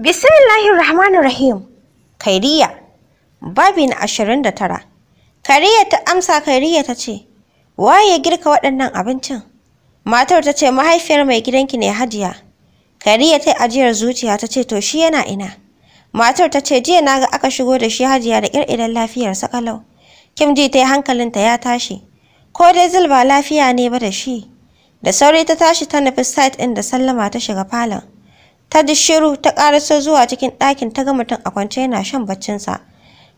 Bismillahir Rahmanir Rahim. Kairiya. Babi na ashirin da tara. Kairiya ta amsa Kairiya ta ce, Waye ya girka waɗannan abincin? Matar ta ce, Mahaifiyar mai gidanki ne Hajiya. Kairiya ta ajiyar zuciya ta ce, To shi yana ina. Matar ta ce, Jiya naga aka shigo da shi Hajiya da ƙirƙirar sa kalau. Kim ji ta yi hankalinta ya tashi. Ko dai zulba ba lafiya ne ba da shi. Da sauri ta tashi ta nufi site ɗin da sallama ta shiga falon. ta ji shiru ta ƙaraso zuwa cikin ɗakin ta ga mutum a kwance yana shan baccinsa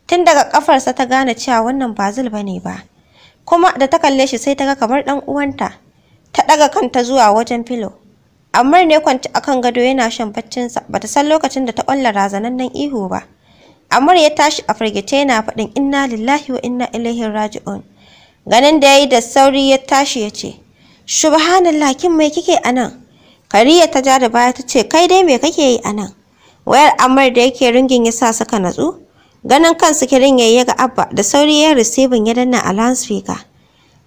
tun daga ƙafarsa ta gane cewa wannan bazil ba ne ba kuma da ta kalle shi sai ta ga kamar ɗan uwanta ta ɗaga kanta zuwa wajen filo amma ne kwanci kan gado yana shan baccinsa Ba ta san lokacin da ta ƙwalla razanannen ihu ba amma ya tashi a firgice yana faɗin inna lillahi wa inna ilaihi raji'un ganin da yayi da sauri ya tashi ya ce subhanallah kin mai kike anan fariya ta ja da baya ta ce, Kai dai me kake yi anan?" Wayar amar da yake ringin ya sa suka natsu? Ganin kan sikirin ya yi ga Abba da sauri ya risibin ya danna a lansfika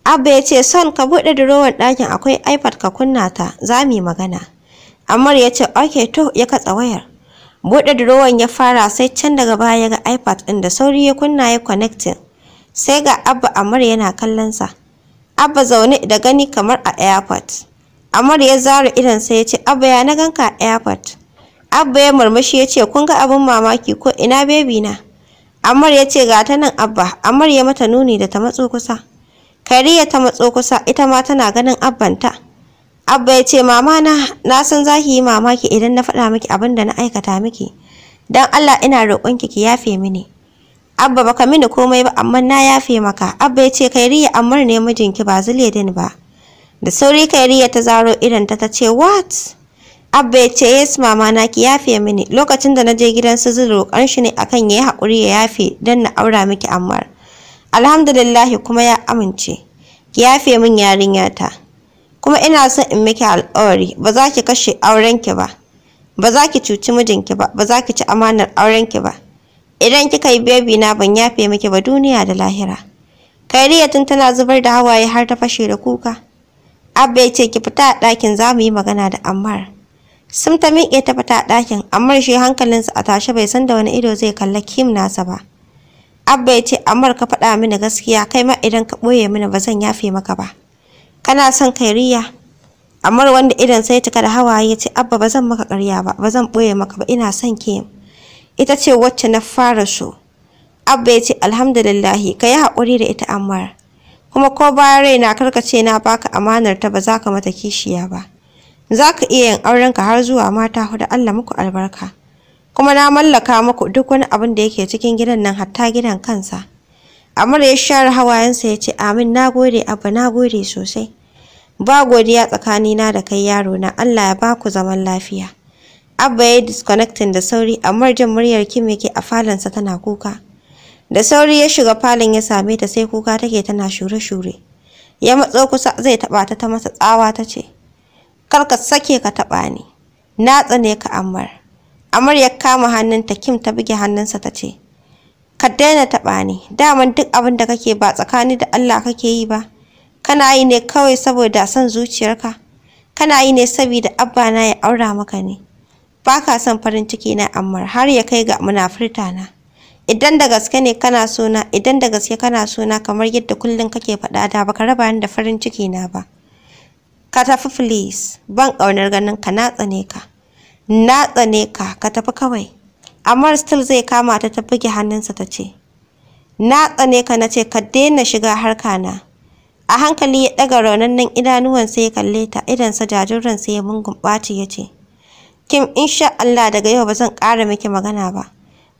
Abba ya ce, Son ka buɗe durowar ɗakin akwai iPad ka kunna ta, za mu yi magana. Amar ya ce, Ok, to ya katsa wayar. Buɗe durowar ya fara sai can daga baya ya ga iPad ɗin da sauri ya kunna ya connecting. Sai ga Abba Amar yana kallon sa. Abba zaune da gani kamar a airport. Amar ya zara idonsa ya ce, Abba ya na ganka a airport. Abba ya murmushi ya ce, kun ga abin mamaki ko ina bebi na? Amar ya ce, ga ta nan Abba, Amar ya mata nuni da ta matso kusa. Kariya ta matso kusa, ita ma tana ganin Abbanta. Abba ya ce, mama na, na san za yi mamaki idan na faɗa miki abin da na aikata miki. dan Allah ina roƙonki ki yafe mini. Abba baka mini komai ba amma na yafe maka. Abba ya ce, Kairiya Amar ne mijinki ba zile din ba. da sauri kariya ta zaro idanta ta ta ce what abba ya ce yes mama na ki yafe mini lokacin da na je gidan su zuru roƙon shi ne akan yi haƙuri ya yafe don na aura miki ammar alhamdulillah kuma ya amince ki yafe min yarinyata kuma ina son in miki alƙawari ba za ki kashe aurenki ba ba za ki cuci mijinki ba ba za ki ci amanar aurenki ba idan kika yi bebi na ban yafe miki ba duniya da lahira kariya tun tana zubar da hawaye har ta fashe da kuka Abba ya ce ki fita a ɗakin za mu yi magana da Ammar. Sun ta miƙe ta fita a ɗakin, Ammar shi hankalinsa a tashe bai san da wani ido zai kalla Kim nasa ba. Abba ya ce Ammar ka faɗa mini gaskiya kai ma idan ka ɓoye mini ba zan yafe maka ba. Kana son kai riya? Ammar wanda idan sai cika da hawaye ya ce Abba ba zan maka ƙarya ba, ba zan ɓoye maka ba ina son Kim. Ita ce wacce na fara so. Abba ya ce alhamdulillahi ka yi haƙuri da ita Ammar. kuma ko bayan rai na karkace na baka amanar ta ba za ka mata kishiya ba za ka iya yin auren ka har zuwa mata hudu Allah muku albarka kuma na mallaka muku duk wani abin da yake cikin gidan nan hatta gidan kansa Amar ya share hawayensa ya ce amin na nagode abu gode sosai ba godiya tsakanina da kai yaro na Allah ya baku zaman lafiya Abba ya disconnecting da sauri, amma jin muryar Kim yake a falansa tana kuka. Da sauri ya shiga falin ya same ta sai kuka take tana shure-shure. Ya matso kusa zai taba ta ta masa tsawa ta ce, Kar ka sake ka taɓa ni, na tsane ka Ammar. Amar ya kama hannunta Kim ta buge hannunsa ta ce, Ka daina taɓa ni, daman duk abin da kake ba tsakani da Allah kake yi ba. Kana yi ne kawai saboda son zuciyarka. Kana yi ne saboda abba na ya aura maka ne. Ba ka son farin ciki na Ammar har ya kai ga munafurta na. idan da gaske ne kana suna, idan da gaske kana suna, kamar yadda kullum kake faɗa da baka raba ni da farin ciki na ba ka tafi please ban ƙaunar ganin ka na tsane ka na tsane ka ka tafi kawai amma still zai kama ta ta buge hannunsa ta ce na tsane ka na ce ka daina shiga harka na a hankali ya ɗaga raunannen idanuwan sai ya kalle ta sa jajirin sai ya mungun ɓaci ya ce kim insha Allah daga yau ba zan ƙara miki magana ba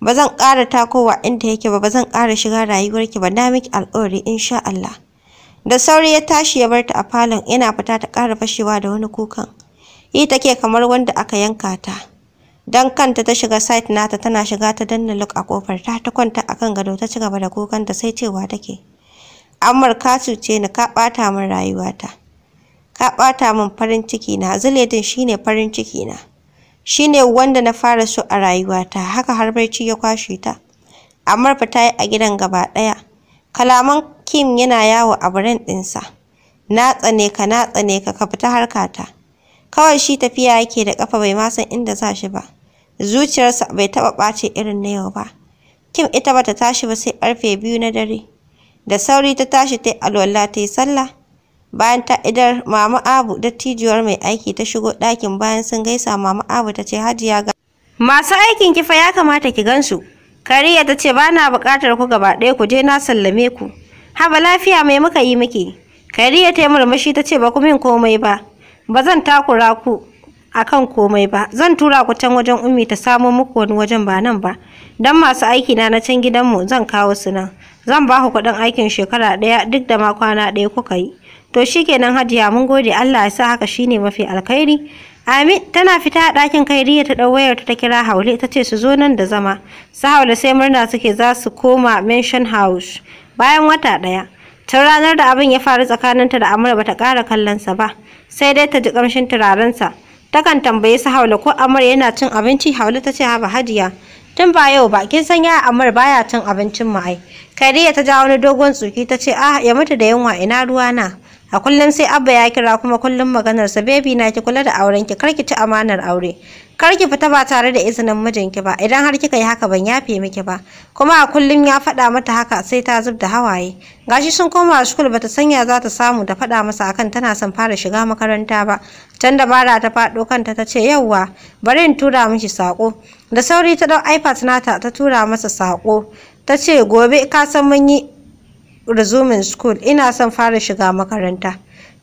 ba zan ƙara takowa inda yake ba ba zan ƙara shiga rayuwarki ba na miki alƙawari insha Allah da sauri ya tashi ya barta a falon yana fita ta ƙara fashewa da wani kukan yi take kamar wanda aka yanka ta dan kanta ta shiga site nata tana shiga ta danna look a kofar ta ta kwanta akan gado ta ci gaba da kukan ta sai cewa take Ammar ka cuce ni ka ɓata min rayuwata ka ɓata min farin ciki na zuledin shine farin ciki na shi ne wanda na fara so a rayuwata haka har barci ya kwashe ta amma fa ta yi a gidan gaba ɗaya kalaman kim yana yawo a buren ɗinsa na tsane ka na tsane ka ka fita harkata kawai shi tafiya yake da ƙafa bai ma san inda za shi ba zuciyarsa bai taɓa ɓace irin na yau ba kim ita bata tashi ba sai ƙarfe biyu na dare da sauri ta tashi ta yi alwala ta yi sallah Bayan ta idar, Mama Abu dattijuwar mai aiki ta shigo ɗakin bayan sun gaisa Mama Abu ta ce Hajiya ga Masu aikin kifa ya kamata ki gansu. Kariya ta ce bana buƙatar ku gaba ɗaya ku je na sallame ku. Haba lafiya mai muka yi miki. Kariya ta yi murmushi ta ce ba ku min komai ba. Ba zan takura ku akan komai ba. Zan tura ku can wajen Ummi ta samo muku wani wajen ba nan ba. Dan masu aiki na na can gidanmu zan kawo su nan. zan ba ku kuɗin aikin shekara ɗaya duk da ma kwana ɗaya kuka yi to shi kenan hajiya mun gode Allah ya sa haka shine mafi alkhairi Amin tana fita a ɗakin kairiya ta ɗau wayar ta kira Haule ta ce su zo nan da zama. Su Haule sai murna suke za su koma Mansion House bayan wata ɗaya. Tun ranar da abin ya faru tsakaninta da Amurka bata ƙara sa ba, sai dai ta ji ƙamshin turarensa. Takan tambayi su Haule ko Amur yana cin abinci Haule ta ce haba hajiya. tun ba yau ba kin san yaya amar baya cin abincin mu ai kariya ta ja wani dogon tsuki ta ce ah ya mutu da yunwa ina ruwa na a kullum sai abba ya kira kuma kullum maganar sa baby na ki kula da auren ki karki ci amanar aure karki fita ba tare da izinin mijinki ba idan har kika yi haka ban yafe miki ba kuma a kullum ya faɗa mata haka sai ta zub da hawaye gashi sun koma shukul bata sanya za ta samu ta faɗa masa akan tana son fara shiga makaranta ba can dabara ta faɗo kanta ta ce yauwa bari in tura miki sako da sauri ta dau ipad nata ta tura masa saƙo ta ce gobe ka san mun yi resuming school ina son fara shiga makaranta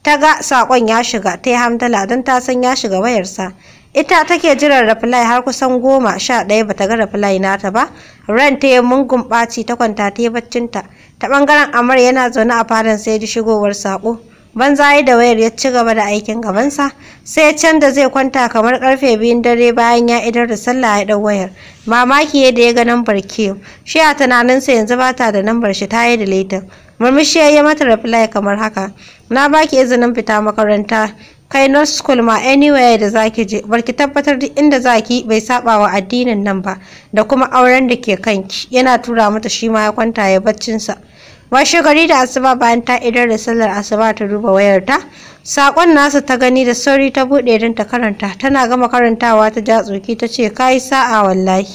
ta ga saƙon ya shiga ta yi hamdala don ta san ya shiga wayarsa ita take jiran reply har kusan goma sha ɗaya bata ga reply nata ba ran ta yi mungun ɓaci ta kwanta ta yi baccinta ta ɓangaren amar yana zaune a fadan sai ji shigowar saƙo banza ya da wayar ya ci gaba da aikin gabansa sai can da zai kwanta kamar karfe biyun dare bayan ya idar da sallah ya dau wayar mamaki ya da ya ga nambar kiyo shi a tunaninsa yanzu ba ta da nambar shi ta yi deletin murmushi ya yi mata reply kamar haka na baki izinin fita makaranta kai na school ma anywhere da zaki je barki tabbatar duk inda za ki bai saba wa addinin nan ba da kuma auren da ke kanki yana tura mata shi ma ya kwanta ya baccinsa washe gari da asuba bayan ta idar da sallar asuba ta duba wayarta sakon nasa ta gani da sauri ta buɗe don ta karanta tana gama karantawa ta ja tsoki ta ce kai sa'a wallahi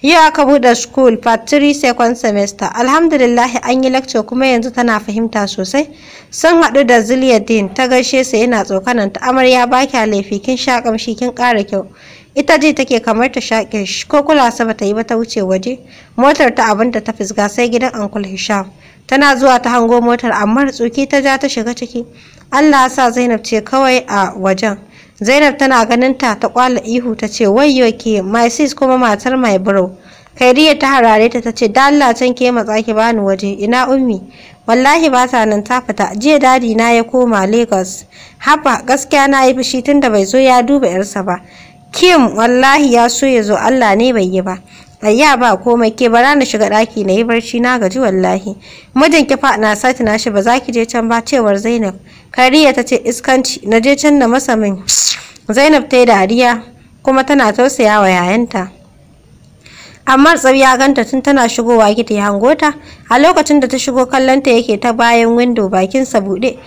yau aka buɗe school part 3 second semester alhamdulillah an yi lecture kuma yanzu tana fahimta sosai sun haɗu da ziliyadin ta gaishe sa yana tsokanan ta amarya ba kya laifi kin sha kamshi kin kara kyau ita ji take kamar ta sha shi ko kula sa bata yi ba ta wuce waje motar ta abinda ta fisga sai gidan uncle hisham tana zuwa ta hango motar amma tsoki ta ja ta shiga ciki allah sa zainab ce kawai a wajen zainab tana ganin ta ta kwala ihu ta ce wayyo ke my sis kuma matar my bro kairiya ta harare ta ta ce dalla can ke matsa ki bani waje ina ummi wallahi ba ta nan ta fita jiya dadi na ya koma lagos haba gaskiya na yi fushi tunda bai zo ya duba yarsa ba kim wallahi ya so ya zo allah ne bai yi ba ayya ba komai ke bara na shiga ɗaki na yi barci na gaji wallahi mijin ki na sati na shi ba za ki je can ba cewar zainab kariya ta ce iskanci na je can na masa min zainab ta yi dariya kuma tana tausaya wa yayanta amma ya ganta tun tana shigowa gida ya hangota a lokacin da ta shigo kallonta yake ta bayan windo bakinsa buɗe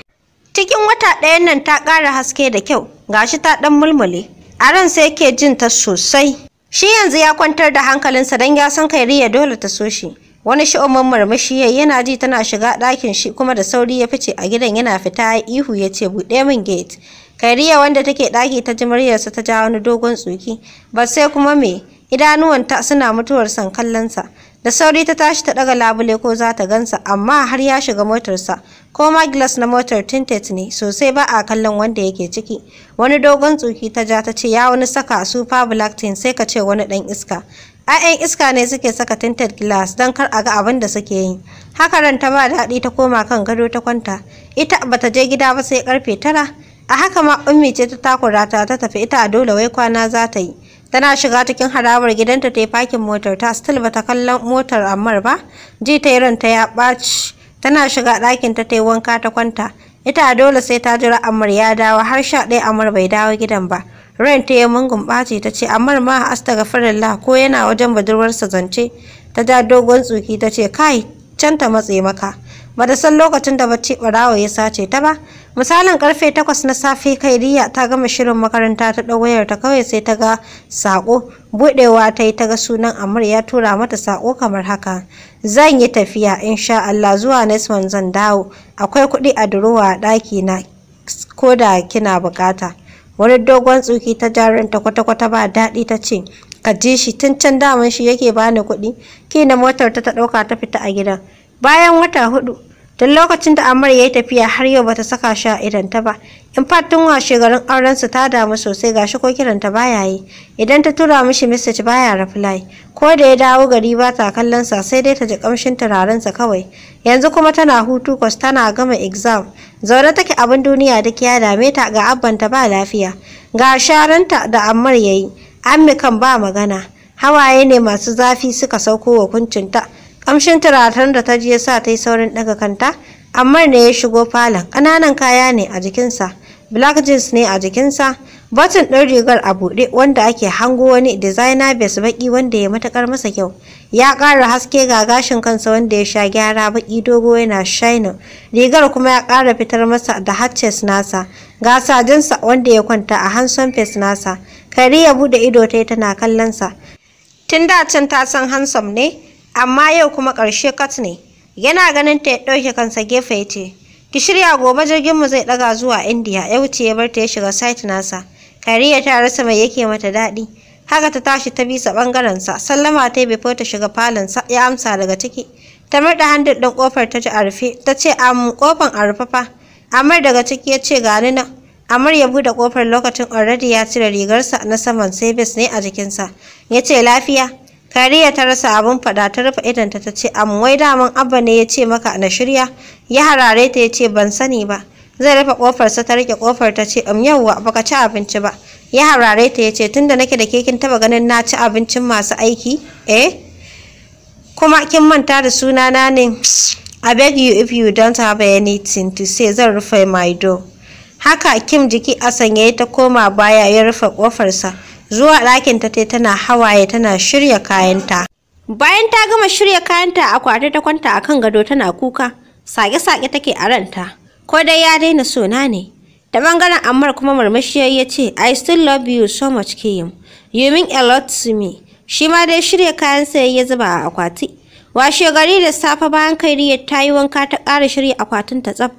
cikin wata ɗayan nan ta ƙara haske da kyau gashi ta ɗan mulmule a ran sai ke jin ta sosai Shi yanzu ya kwantar da hankalinsa don ya san Kairiya dole ta so shi. Wani sha'umin murmushi yayi yana ji tana shiga ɗakin shi kuma da sauri ya fice a gidan yana fita ihu ya ce buɗe min gate. Kairiya wanda take ɗaki ta ji muryarsa ta ja wani dogon tsoki. Ba sai kuma me idanuwanta suna mutuwar san kallonsa. da sauri ta tashi ta ɗaga labule ko za ta gansa amma har ya shiga motarsa ko ma glass na motar tintet ne sosai ba a kallon wanda yake ciki wani dogon tsuki ta ja ta ce ya wani saka super black tin sai ka ce wani dan iska ‘Ya'yan iska ne suke saka tinted glass don kar a ga abin da suke yi. Haka ran ta ba daɗi ta koma kan gado ta kwanta. Ita ba ta je gida ba sai karfe tara. A haka ma ummi ce ta takura ta ta tafi ita a dole wai kwana za ta yi. tana shiga cikin harawar gidanta ta yi fakin motar ta still bata kallon motar ammar ba ji ta irin ta ya ɓaci tana shiga ɗakin ta ta yi wanka ta kwanta ita dole sai ta jira ammar ya dawo har sha ɗaya ammar bai dawo gidan ba ran ta yi mungun ɓaci ta ce ammar ma astaghfirullah ko yana wajen budurwarsa zance ta ja dogon tsuki ta ce kai can ta matse maka ba da san lokacin da bacci ɓarawo ya sace ta ba misalin karfe 8 na safe kairiya ta gama shirin makaranta ta ɗau wayar ta kawai sai ta ga sako buɗewa ta yi ta ga sunan amur ya tura mata sako kamar haka zan yi tafiya insha Allah zuwa Nesman zan dawo akwai kuɗi a durowa a ɗaki na ko da kina bukata wani dogon tsuki ta jarin ta kwata-kwata ba daɗi ta ce ka je shi tun can daman shi yake bani kuɗi kina motar ta ta ɗauka ta fita a gidan bayan wata hudu Don lokacin da Amar ya yi tafiya har yau bata saka shi a ta ba. In tun washe garin su ta damu sosai gashi ko kiranta baya yi. Idan ta tura mishi message baya reply. Ko da ya dawo gari ba ta kallon sa sai dai ta ji kamshin turaren sa kawai. Yanzu kuma tana hutu kwas tana gama exam. Zaune take abin duniya duk ya dame ta ga ta ba lafiya. Ga sharanta da Amar ya yi. kan ba magana. Hawaye ne masu zafi suka sauko wa kuncinta. Kamshin turaren da ta ji ya sa ta yi saurin ɗaga kanta, amma ne ya shigo falon, ƙananan kaya ne a jikinsa, black jeans ne a jikinsa, Batun ɗin rigar a buɗe wanda ake hango wani designer bes baƙi wanda ya matuƙar masa kyau. Ya ƙara haske ga gashin kansa wanda ya sha gyara baƙi dogo yana shining. Rigar kuma ya ƙara fitar masa da hatches nasa. Ga sajinsa wanda ya kwanta a hanson face nasa. Kari ya buɗe ido ta tana kallonsa. Tun da can ta san hansom ne, amma yau kuma ƙarshe kat ne yana ganin ta ya ɗauke kansa gefe ya ce ki shirya gobe jirgin mu zai ɗaga zuwa indiya ya wuce ya bar ta ya shiga site nasa kariya ta rasa mai yake mata daɗi haka ta tashi ta bisa ɓangarensa sallama ta yi bai ta shiga falonsa ya amsa daga ciki ta murɗa handir ɗin ƙofar ta ji a rufe ta ce a ƙofan a rufe fa amar daga ciki ya ce gani nan Amar ya buɗe ƙofar lokacin already ya cire rigarsa na saman sai ne a jikinsa. Ya ce lafiya, Kariya ta rasa abin faɗa ta rufe idanta ta ce, "Amwai daman Abba ne ya ce maka na shirya?" Ya harare ta ya ce, "Ban sani ba." Zai rufe ƙofarsa ta rike kofar ta ce, "Um yawwa baka ci abinci ba." Ya harare ta ya ce, "Tunda nake da kekin taba ganin na ci abincin masu aiki?" Eh? Kuma kin manta da sunana ne? I beg you if you don't have anything to say zan rufe my door. Haka Kim jiki a sanye ta koma baya ya rufe ƙofarsa. zuwa ɗakinta ta tana hawaye tana shirya kayanta. Bayan ta gama shirya kayanta akwati ta kwanta a kan gado tana kuka, saƙe-saƙe take a ranta. Ko dai ya daina sona ne. Da ɓangaren Ammar kuma murmushi ya ce, I still love you so much Kim. You mean a lot to me. Shi ma dai shirya kayansa ya zuba a akwati. Washe gari da safe bayan kai Kairiyar ta yi wanka ta ƙara shirya akwatin ta tsaf.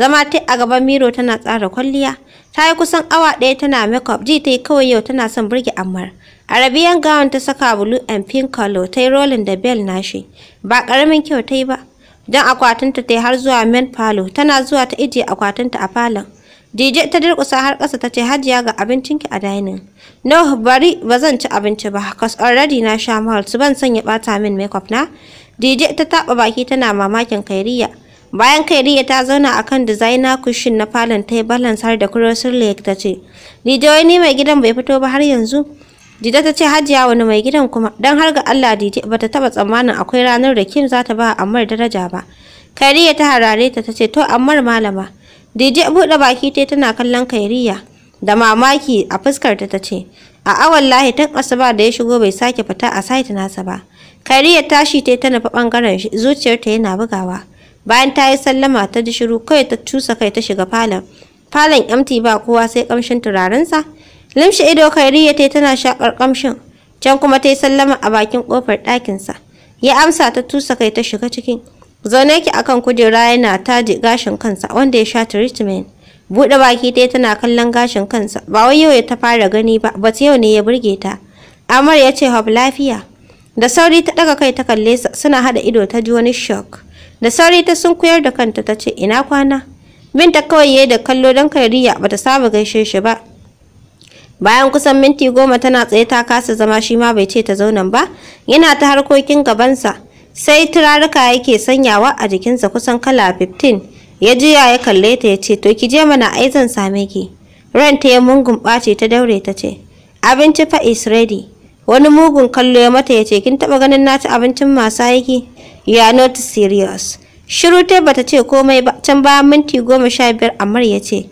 Zama ta a gaban miro tana tsara kwalliya. Ta yi kusan awa ɗaya tana makeup ji ta yi kawai yau tana son burge Ammar. Arabiyan gown ta saka bulu and pink color ta yi rolling da bell nashi. Ba ƙaramin kyau ta yi ba. Don akwatinta ta yi har zuwa main palo tana zuwa ta ijiye akwatinta a falon. DJ ta durƙusa har ƙasa ta ce hajiya ga abincin ki a dining. No, bari ba zan ci abinci ba, cause already na sha malt ban son ya ɓata min makeup na. DJ ta taɓa baki tana mamakin kairiya. Bayan Kairiya ta zauna a kan designer kushin na falon ta yi balance har da crosser leg ta ce, Dijo ne mai gidan bai fito ba har yanzu. Dida ta ce hajiya wani mai gidan kuma don har ga Allah Dije bata taba tsammanin akwai ranar da Kim za ta ba Ammar daraja ba. Kairiya ta harare ta ta ce to Ammar malama. Dije buɗe baki ta tana kallon Kairiya da mamaki a fuskarta ta ce a awan lahi tun asuba da ya shigo bai sake fita a site nasa ba. Kairiya tashi ta ta nufi bangaren zuciyarta yana bugawa. bayan ta yi sallama ta ji shiru kai ta cusa kai ta shiga falon falon 'yamti ba kowa sai kamshin turarensa limshi ido kairiya ta tana shakar kamshin can kuma ta yi sallama a bakin kofar ɗakinsa ya amsa ta tusa kai ta shiga cikin zaune ki akan kujera yana taje gashin kansa wanda ya sha treatment buɗe baki ta tana kallon gashin kansa ba wai yau ya ta fara gani ba ba yau ne ya burge ta amar ya ce hab lafiya da sauri ta ɗaga kai ta kalle suna haɗa ido ta ji wani shock da sauri ta sunkuyar da kanta ta ce ina kwana binta kawai yayi da kallo don kariya ta saba gaishe shi ba bayan kusan minti goma tana tsaye ta kasa zama shi ma bai ce ta zaunan ba yana ta harkokin gabansa sai turaruka yake sanyawa a jikinsa kusan kala 15 ya jiya ya kalle ta ya ce to ki je mana ai zan same ki ran ta ya mungun ɓace ta daure ta ce abinci fa is ready wani mugun kallo ya mata ya ce kin taɓa ganin na ci abincin masu yake Ya not serious. Shiru ta bata ce komai ba can bayan minti goma sha biyar Ammar ya ce,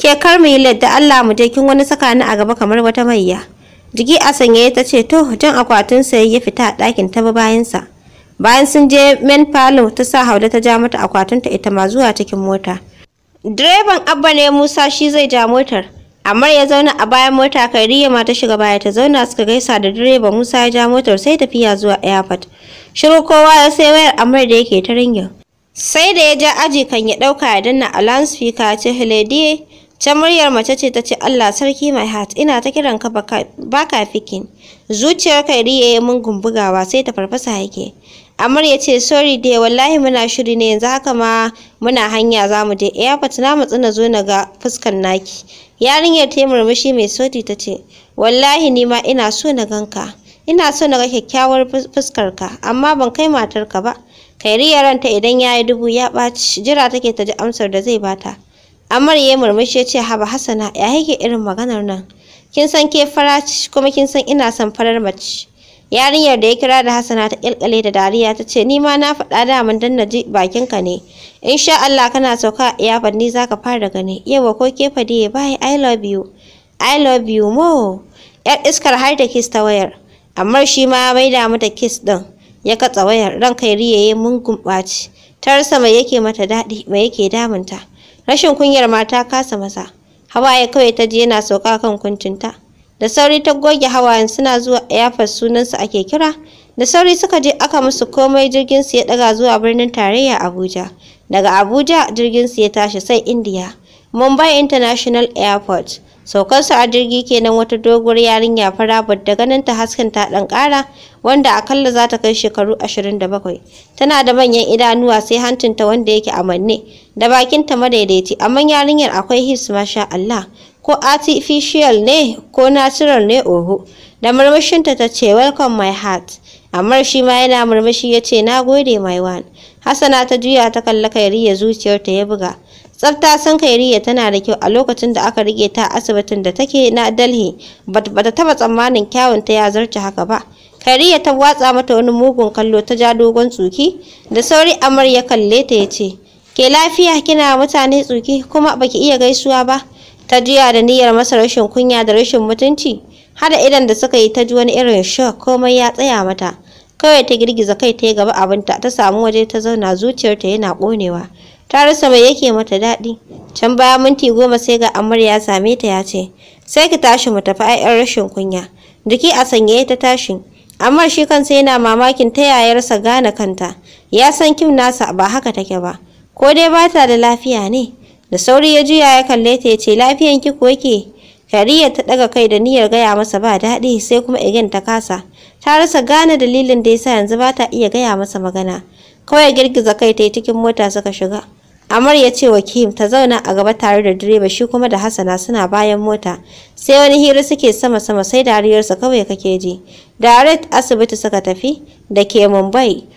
Ke kar mu yi ladda Allah mu je kin wani saka ni a gaba kamar wata mayya. Jiki a sanye ta ce to jan akwatin sa ya fita a ɗakin ta bayansa. Bayan sun je men palo ta sa haula ta ja mata ta ita ma zuwa cikin mota. Direban Abba ne Musa shi zai ja motar. Ammar ya zauna a bayan mota Kairiya ma ta shiga baya ta zauna suka gaisa da direba Musa ya ja motar sai tafiya zuwa airport. Shiru kowa ya sai wayar Ammar da yake ta ringin. Sai da ya ja aji kan ya ɗauka ya danna a loudspeaker ce Hilediye ta muryar mace ce ta ce Allah sarki my heart ina ta kiran ka baka fikin. Zuciyar kairiya ya mungun bugawa sai ta farfasa yake. Amar ya ce sorry dai wallahi muna shiri ne yanzu haka ma muna hanya za mu je airport na matsina zo na ga fuskan naki Yarinyar ta yi murmushi mai sauti ta ce, Wallahi ni ma ina so na ganka, ina so na ga kyakkyawar fuskarka, amma ban kai matarka ba. Kairiya ranta idan ya yi dubu ya ɓaci, jira take ta ji amsar da zai bata. Amar ya yi murmushi ya ce, Haba Hassana, ya yake irin maganar nan? Kin san ke fara kuma kin san ina son farar mace. Yarinyar da ya kira da Hassana ta kyalkyale da dariya ta ce, Ni na faɗa daman don na ji bakinka ne. In sha Allah kana sauka ya fanni za ka fara gani. Yawa ko ke ya bai I love you. I love you mo. Yar iskar har da kiss ta wayar. Amma shi ma bai da mata kiss ɗin. Ya katsa wayar ran kai riyaye mun gumbaci. rasa mai yake mata daɗi mai yake damunta. Rashin kunyar mata kasa masa. Hawaye kawai ta ji yana sauka kan kuncinta. da sauri ta goge hawayen suna zuwa yafar sunansu ake kira da sauri suka je aka musu komai jirgin su ya daga zuwa birnin tarayya abuja daga abuja jirgin su ya tashi sai india mumbai international airport saukarsu a jirgi kenan wata doguwar yarinya fara da ganin ta hasken ta dan kara wanda akalla za ta kai shekaru 27 tana da manyan idanuwa sai hancinta wanda yake a manne da bakinta madaidaici amma yarinyar akwai his masha Allah ko artificial ne ko natural ne oho da murmushinta ta ce welcome my heart amma shi ma yana murmushi ya ce na gode my one hassana ta juya ta kalla kairiya zuciyarta ya buga tsafta san kairiya tana da kyau a lokacin da aka rike ta asibitin da take na dalhi bata taba tsammanin kyawun ta ya zarce haka ba kairiya ta watsa mata wani mugun kallo ta ja dogon tsuki da sauri Amarya ya kalle ta ya ke lafiya kina mutane tsuki kuma baki iya gaisuwa ba ta jiya da niyyar masa rashin kunya da rashin mutunci hada idan da suka yi ta ji wani irin shock komai ya tsaya mata kawai ta girgiza kai ta yi gaba abinta ta samu waje ta zauna zuciyarta yana konewa. ta rasa mai yake mata daɗi can baya minti goma sai ga amarya ya same ta ya ce sai ki tashi mu tafi ai rashin kunya jiki a sanyaye ta tashi amma shi kansa yana mamakin ta yayarsa gane kanta ya san kim nasa ba haka take ba ko dai ba ta da lafiya ne da sauri ya juya ya kalle ta ya ce lafiyan ki ko yake kariya ta daga kai da niyyar gaya masa ba daɗi sai kuma igin ta kasa ta rasa gane dalilin da yasa yanzu ba ta iya gaya masa magana kawai girgiza kai ta yi cikin mota suka shiga Amar ya ce wa Kim ta zauna a gaba tare da direba shi kuma da Hassana suna bayan mota. Sai wani hira suke sama-sama sai dariyarsa kawai kake ji. Direct asibiti suka tafi da ke Mumbai.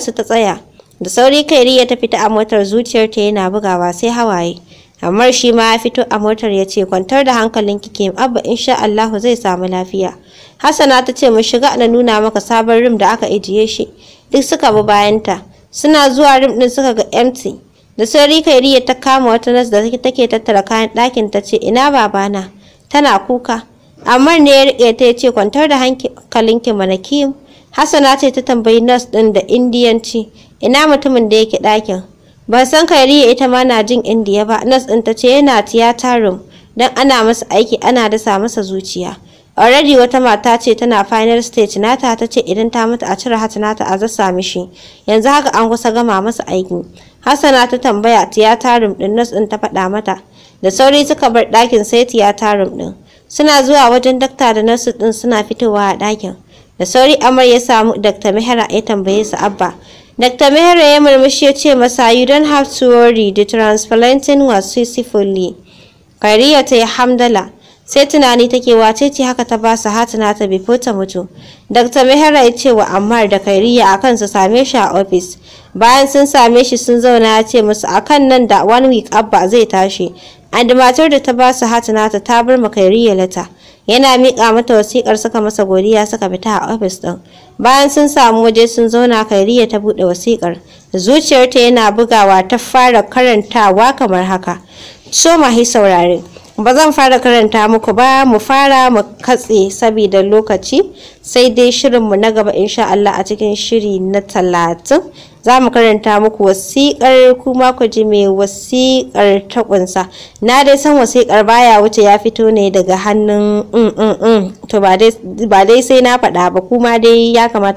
su ta tsaya. da sauri kairiya ta fita a motar zuciyarta yana bugawa sai hawaye amma shi ma ya fito a motar ya ce kwantar da hankalin kike abba insha Allahu zai samu lafiya Hassana ta ce mu shiga na nuna maka sabon rim da aka ijiye shi duk suka bi bayanta suna zuwa rim din suka ga empty da sauri kairiya ta kama wata nas da take tattara kayan ɗakin ta ce ina babana tana kuka amma ne ya riƙe ta ya ce kwantar da hankalinki mana kim Hassana ce ta tambayi nas ɗin da indiyanci ina mutumin da yake ɗakin ban san kairiya ita ma na jin indiya ba nas ɗin ta ce yana tiyata room don ana masa aiki ana dasa masa zuciya already wata mata ce tana final stage nata ta ce idan ta mutu a cire hata nata a zasa mishi yanzu haka an kusa gama masa aiki hassana ta tambaya tiyata room ɗin nas ɗin ta faɗa mata da sauri suka bar ɗakin sai tiyata room ɗin suna zuwa wajen dakta da nas ɗin suna fitowa a ɗakin da sauri amar ya samu dakta mihra ya tambaye su abba Dr. Mehra ya murmushi ya ce masa you don't have to worry the transplanting was successfully. Kariya ta yi hamdala. Sai tunani take wace ce haka ta ba su hatina ta bi ta mutu. Dr. Mehra ya ce wa Ammar da Kariya akan su same shi a ofis. Bayan sun same shi sun zauna ya ce musu akan nan da one week abba zai tashi. And matar da ta ba su hatina ta ta bar ma Kariya lata. yana miƙa mata wasiƙar suka masa godiya suka fita a ofis ɗin bayan sun samu waje sun zauna kairiya ta buɗe wasiƙar zuciyarta yana bugawa ta fara karantawa kamar haka so mahi saurare ba zan fara karanta muku ba mu fara mu katse saboda lokaci sai dai shirinmu na gaba insha Allah a cikin shiri na talatin za mu karanta muku wasiƙar kuma ku ji mai wasiƙar ta na dai san wasiƙar baya wuce ya fito ne daga hannun mm, mm, mm. to ba dai sai na faɗa ba kuma dai ya kamata